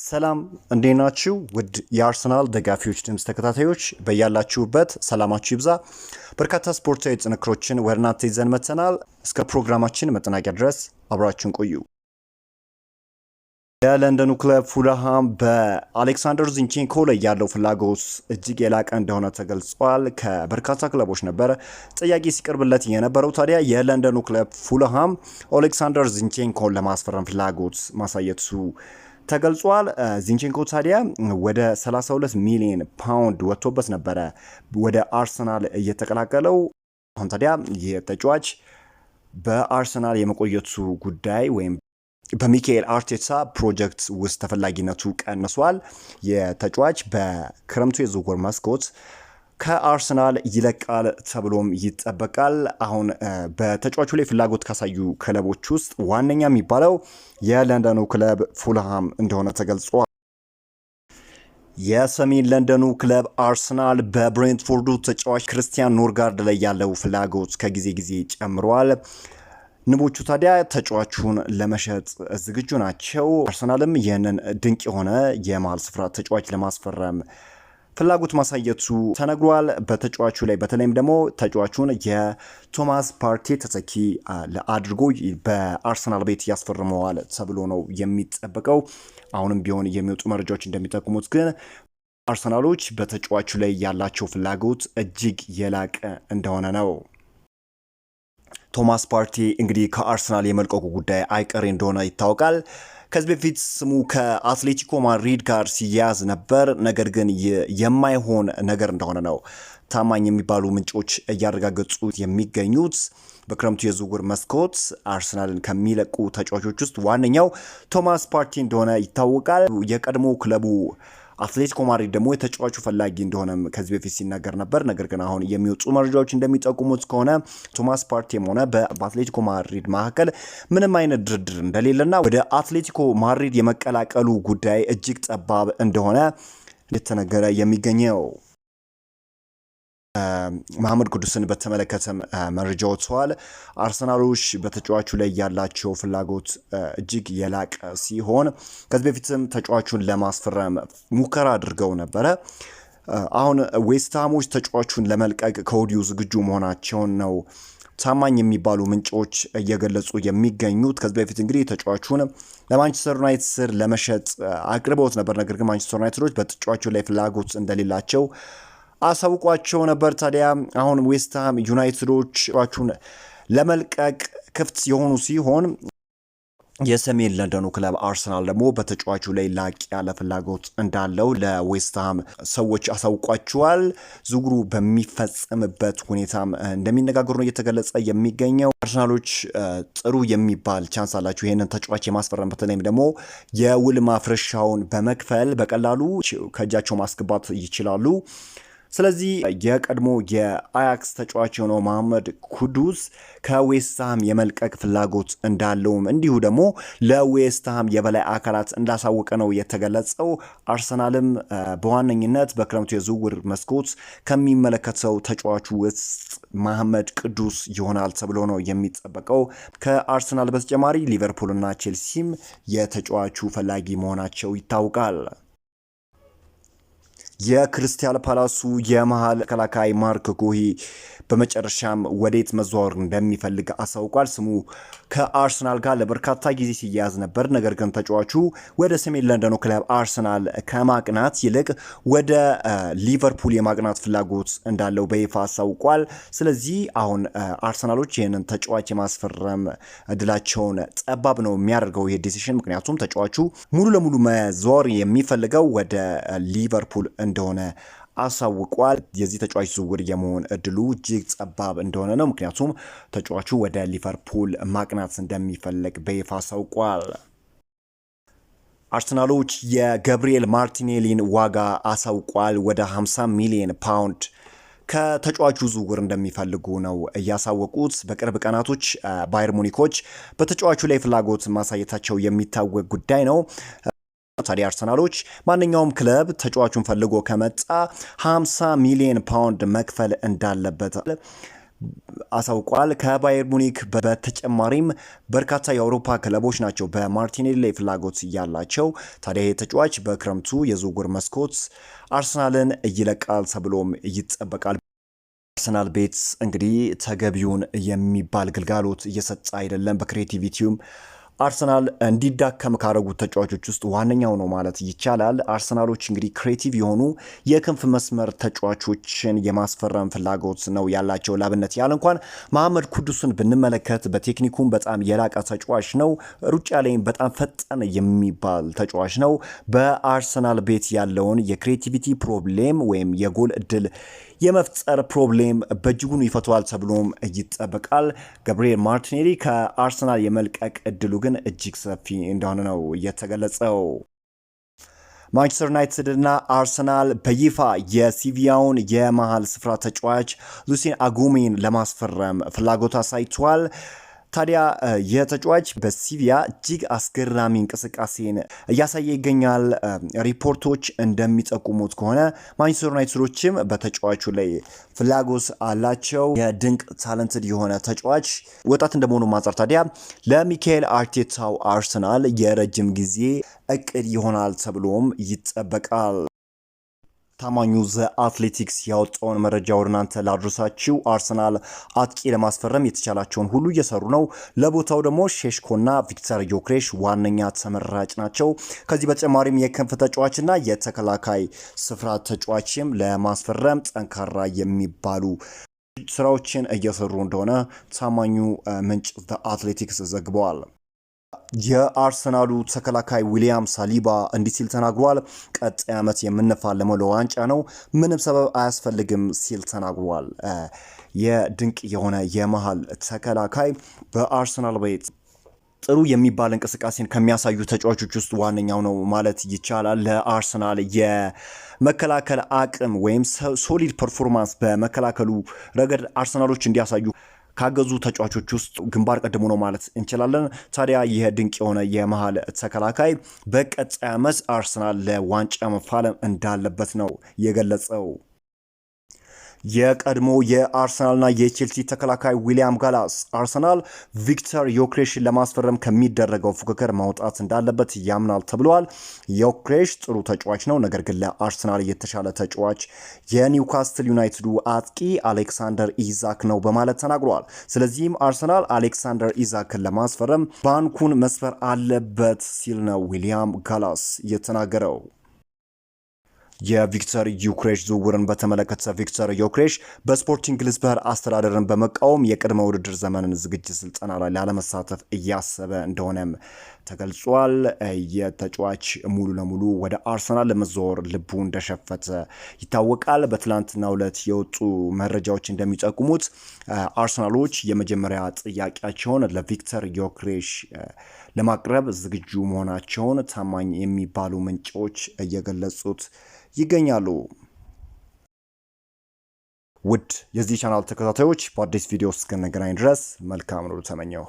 ሰላም እንዴት ናችሁ? ውድ የአርሰናል ደጋፊዎች ድምፅ ተከታታዮች በያላችሁበት ሰላማችሁ ይብዛ። በርካታ ስፖርታዊ ጥንክሮችን ወደ እናንተ ይዘን መጥተናል። እስከ ፕሮግራማችን መጠናቂያ ድረስ አብራችን ቆዩ። የለንደኑ ክለብ ፉልሃም በአሌክሳንደር ዚንቼንኮ ላይ ያለው ፍላጎት እጅግ የላቀ እንደሆነ ተገልጿል። ከበርካታ ክለቦች ነበረ ጥያቄ ሲቀርብለት የነበረው። ታዲያ የለንደኑ ክለብ ፉልሃም አሌክሳንደር ዚንቼንኮን ለማስፈረም ፍላጎት ማሳየቱ ተገልጿል። ዚንቼንኮ ታዲያ ወደ 32 ሚሊዮን ፓውንድ ወጥቶበት ነበረ ወደ አርሰናል እየተቀላቀለው። አሁን ታዲያ የተጫዋች በአርሰናል የመቆየቱ ጉዳይ ወይም በሚካኤል አርቴታ ፕሮጀክት ውስጥ ተፈላጊነቱ ቀንሷል። የተጫዋች በክረምቱ የዝውውር መስኮት ከአርሰናል ይለቃል ተብሎም ይጠበቃል። አሁን በተጫዋቹ ላይ ፍላጎት ካሳዩ ክለቦች ውስጥ ዋነኛ የሚባለው የለንደኑ ክለብ ፉልሃም እንደሆነ ተገልጿል። የሰሜን ለንደኑ ክለብ አርሰናል በብሬንትፎርዱ ተጫዋች ክርስቲያን ኖርጋርድ ላይ ያለው ፍላጎት ከጊዜ ጊዜ ጨምሯል። ንቦቹ ታዲያ ተጫዋቹን ለመሸጥ ዝግጁ ናቸው። አርሰናልም ይህንን ድንቅ የሆነ የመሃል ስፍራ ተጫዋች ለማስፈረም ፍላጎት ማሳየቱ ተነግሯል። በተጫዋቹ ላይ በተለይም ደግሞ ተጫዋቹን የቶማስ ፓርቴ ተተኪ አድርጎ በአርሰናል ቤት ያስፈርመዋል ተብሎ ነው የሚጠበቀው። አሁንም ቢሆን የሚወጡ መረጃዎች እንደሚጠቁሙት ግን አርሰናሎች በተጫዋቹ ላይ ያላቸው ፍላጎት እጅግ የላቀ እንደሆነ ነው። ቶማስ ፓርቴ እንግዲህ ከአርሰናል የመልቀቁ ጉዳይ አይቀሬ እንደሆነ ይታወቃል። ከዚህ በፊት ስሙ ከአትሌቲኮ ማድሪድ ጋር ሲያያዝ ነበር። ነገር ግን የማይሆን ነገር እንደሆነ ነው ታማኝ የሚባሉ ምንጮች እያረጋገጡ የሚገኙት። በክረምቱ የዝውውር መስኮት አርሰናልን ከሚለቁ ተጫዋቾች ውስጥ ዋነኛው ቶማስ ፓርቲ እንደሆነ ይታወቃል። የቀድሞ ክለቡ አትሌቲኮ ማድሪድ ደግሞ የተጫዋቹ ፈላጊ እንደሆነ ከዚህ በፊት ሲናገር ነበር። ነገር ግን አሁን የሚወጡ መረጃዎች እንደሚጠቁሙት ከሆነ ቶማስ ፓርቲም ሆነ በአትሌቲኮ ማድሪድ መካከል ምንም አይነት ድርድር እንደሌለና ወደ አትሌቲኮ ማድሪድ የመቀላቀሉ ጉዳይ እጅግ ጠባብ እንደሆነ እንደተነገረ የሚገኘው መሐመድ ቅዱስን በተመለከተ መረጃ ወጥተዋል። አርሰናሎች በተጫዋቹ ላይ ያላቸው ፍላጎት እጅግ የላቀ ሲሆን ከዚህ በፊትም ተጫዋቹን ለማስፈረም ሙከራ አድርገው ነበረ። አሁን ዌስትሃሞች ተጫዋቹን ለመልቀቅ ከወዲሁ ዝግጁ መሆናቸውን ነው ታማኝ የሚባሉ ምንጮች እየገለጹ የሚገኙት። ከዚህ በፊት እንግዲህ ተጫዋቹን ለማንቸስተር ዩናይትድ ስር ለመሸጥ አቅርበውት ነበር። ነገር ግን ማንቸስተር ዩናይትዶች በተጫዋቹ ላይ ፍላጎት እንደሌላቸው አሳውቋቸው ነበር። ታዲያ አሁን ዌስትሃም ዩናይትዶች ሯቹን ለመልቀቅ ክፍት የሆኑ ሲሆን የሰሜን ለንደኑ ክለብ አርሰናል ደግሞ በተጫዋቹ ላይ ላቅ ያለ ፍላጎት እንዳለው ለዌስትሃም ሰዎች አሳውቋቸዋል። ዝውውሩ በሚፈጸምበት ሁኔታም እንደሚነጋገሩ ነው እየተገለጸ የሚገኘው። አርሰናሎች ጥሩ የሚባል ቻንስ አላቸው ይህንን ተጫዋች የማስፈረም በተለይም ደግሞ የውል ማፍረሻውን በመክፈል በቀላሉ ከእጃቸው ማስገባት ይችላሉ። ስለዚህ የቀድሞ የአያክስ ተጫዋች የሆነው መሐመድ ኩዱስ ከዌስትሃም የመልቀቅ ፍላጎት እንዳለውም እንዲሁ ደግሞ ለዌስትሃም የበላይ አካላት እንዳሳወቀ ነው የተገለጸው። አርሰናልም በዋነኝነት በክረምቱ የዝውውር መስኮት ከሚመለከተው ተጫዋቹ ውስጥ መሐመድ ቅዱስ ይሆናል ተብሎ ነው የሚጠበቀው። ከአርሰናል በተጨማሪ ሊቨርፑልና ቼልሲም የተጫዋቹ ፈላጊ መሆናቸው ይታወቃል። የክርስቲያል ፓላሱ የመሃል ተከላካይ ማርክ ጉሂ በመጨረሻም ወዴት መዘዋወር እንደሚፈልግ አሳውቋል። ስሙ ከአርሰናል ጋር ለበርካታ ጊዜ ሲያያዝ ነበር። ነገር ግን ተጫዋቹ ወደ ሰሜን ለንደኑ ክለብ አርሰናል ከማቅናት ይልቅ ወደ ሊቨርፑል የማቅናት ፍላጎት እንዳለው በይፋ አሳውቋል። ስለዚህ አሁን አርሰናሎች ይህንን ተጫዋች የማስፈረም እድላቸውን ጠባብ ነው የሚያደርገው ይህ ዲሲሽን። ምክንያቱም ተጫዋቹ ሙሉ ለሙሉ መዘዋወር የሚፈልገው ወደ ሊቨርፑል እንደሆነ አሳውቋል። የዚህ ተጫዋች ዝውውር የመሆን እድሉ እጅግ ጠባብ እንደሆነ ነው። ምክንያቱም ተጫዋቹ ወደ ሊቨርፑል ማቅናት እንደሚፈለግ በይፋ አሳውቋል። አርሰናሎች የገብርኤል ማርቲኔሊን ዋጋ አሳውቋል። ወደ 50 ሚሊዮን ፓውንድ ከተጫዋቹ ዝውውር እንደሚፈልጉ ነው እያሳወቁት። በቅርብ ቀናቶች ባየር ሙኒኮች በተጫዋቹ ላይ ፍላጎት ማሳየታቸው የሚታወቅ ጉዳይ ነው። ታዲያ አርሰናሎች ማንኛውም ክለብ ተጫዋቹን ፈልጎ ከመጣ 50 ሚሊዮን ፓውንድ መክፈል እንዳለበት አሳውቋል። ከባየር ሙኒክ በተጨማሪም በርካታ የአውሮፓ ክለቦች ናቸው በማርቲኔሊ ላይ ፍላጎት ያላቸው። ታዲያ የተጫዋች በክረምቱ የዝውውር መስኮት አርሰናልን ይለቃል ተብሎም ይጠበቃል። አርሰናል ቤት እንግዲህ ተገቢውን የሚባል ግልጋሎት እየሰጠ አይደለም። በክሬቲቪቲውም አርሰናል እንዲዳከም ካደረጉት ተጫዋቾች ውስጥ ዋነኛው ነው ማለት ይቻላል። አርሰናሎች እንግዲህ ክሬቲቭ የሆኑ የክንፍ መስመር ተጫዋቾችን የማስፈረም ፍላጎት ነው ያላቸው። ላብነት ያህል እንኳን መሐመድ ኩዱስን ብንመለከት በቴክኒኩም በጣም የላቀ ተጫዋች ነው። ሩጫ ላይም በጣም ፈጠን የሚባል ተጫዋች ነው። በአርሰናል ቤት ያለውን የክሬቲቪቲ ፕሮብሌም ወይም የጎል እድል የመፍጠር ፕሮብሌም በእጅጉኑ ይፈተዋል ተብሎም ይጠበቃል። ገብርኤል ማርቲኔሊ ከአርሰናል የመልቀቅ እድሉ ግን ግን እጅግ ሰፊ እንደሆነ ነው የተገለጸው። ማንቸስተር ዩናይትድ እና አርሰናል በይፋ የሲቪያውን የመሃል ስፍራ ተጫዋች ሉሲን አጉሚን ለማስፈረም ፍላጎት አሳይቷል። ታዲያ የተጫዋች በሲቪያ እጅግ አስገራሚ እንቅስቃሴን እያሳየ ይገኛል። ሪፖርቶች እንደሚጠቁሙት ከሆነ ማንቸስተር ዩናይትዶችም በተጫዋቹ ላይ ፍላጎት አላቸው። የድንቅ ታለንትድ የሆነ ተጫዋች ወጣት እንደመሆኑ ማንጻር ታዲያ ለሚካኤል አርቴታው አርሰናል የረጅም ጊዜ እቅድ ይሆናል ተብሎም ይጠበቃል። ታማኙ ዘ አትሌቲክስ ያወጣውን መረጃ ወደ እናንተ አርሰናል አጥቂ ለማስፈረም የተቻላቸውን ሁሉ እየሰሩ ነው። ለቦታው ደግሞ ሼሽኮና ቪክተር ዮክሬሽ ዋነኛ ተመራጭ ናቸው። ከዚህ በተጨማሪም የክንፍ ተጫዋችና የተከላካይ ስፍራ ተጫዋችም ለማስፈረም ጠንካራ የሚባሉ ስራዎችን እየሰሩ እንደሆነ ታማኙ ምንጭ ዘ አትሌቲክስ ዘግበዋል። የአርሰናሉ ተከላካይ ዊሊያም ሳሊባ እንዲህ ሲል ተናግሯል። ቀጣይ ዓመት የምንፋለመው ለዋንጫ ነው፣ ምንም ሰበብ አያስፈልግም ሲል ተናግሯል። የድንቅ የሆነ የመሃል ተከላካይ በአርሰናል ቤት ጥሩ የሚባል እንቅስቃሴን ከሚያሳዩ ተጫዋቾች ውስጥ ዋነኛው ነው ማለት ይቻላል። ለአርሰናል የመከላከል አቅም ወይም ሶሊድ ፐርፎርማንስ በመከላከሉ ረገድ አርሰናሎች እንዲያሳዩ ካገዙ ተጫዋቾች ውስጥ ግንባር ቀደሙ ነው ማለት እንችላለን። ታዲያ ይህ ድንቅ የሆነ የመሀል ተከላካይ በቀጣይ ዓመት አርሰናል ለዋንጫ መፋለም እንዳለበት ነው የገለጸው። የቀድሞ የአርሰናልና የቼልሲ ተከላካይ ዊሊያም ጋላስ አርሰናል ቪክተር ዮክሬሽን ለማስፈረም ከሚደረገው ፉክክር ማውጣት እንዳለበት ያምናል ተብለዋል። ዮክሬሽ ጥሩ ተጫዋች ነው፣ ነገር ግን ለአርሰናል የተሻለ ተጫዋች የኒውካስትል ዩናይትዱ አጥቂ አሌክሳንደር ኢዛክ ነው በማለት ተናግረዋል። ስለዚህም አርሰናል አሌክሳንደር ኢዛክን ለማስፈረም ባንኩን መስፈር አለበት ሲል ነው ዊሊያም ጋላስ የተናገረው። የቪክተር ዩክሬሽ ዝውውርን በተመለከተ ቪክተር ዩክሬሽ በስፖርቲንግ ሊዝበን አስተዳደርን በመቃወም የቅድመ ውድድር ዘመንን ዝግጅት ስልጠና ላይ ላለመሳተፍ እያሰበ እንደሆነም ተገልጿል። የተጫዋች ሙሉ ለሙሉ ወደ አርሰናል ለመዘወር ልቡ እንደሸፈተ ይታወቃል። በትላንትናው ዕለት የወጡ መረጃዎች እንደሚጠቁሙት አርሰናሎች የመጀመሪያ ጥያቄያቸውን ለቪክተር ዮክሬሽ ለማቅረብ ዝግጁ መሆናቸውን ታማኝ የሚባሉ ምንጮች እየገለጹት ይገኛሉ። ውድ የዚህ ቻናል ተከታታዮች በአዲስ ቪዲዮ እስክንገናኝ ድረስ መልካም ነው ተመኘው።